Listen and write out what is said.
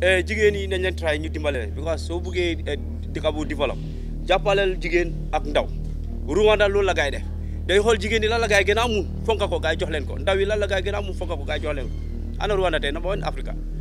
Eh, jigéen yi nañ leen try ñu dimbale leen because soo buggee eh, dëkk bu développe jàppaleel jigéen ak ndaw Rwanda loolu la gaay def day xool jigéen yi lan la gaay gën a amul fonka ko gaay jox leen ko ndaw yi lan la gaay gën a amul fonka ko gaay jox leen ko ana Rwanda tey number one Africa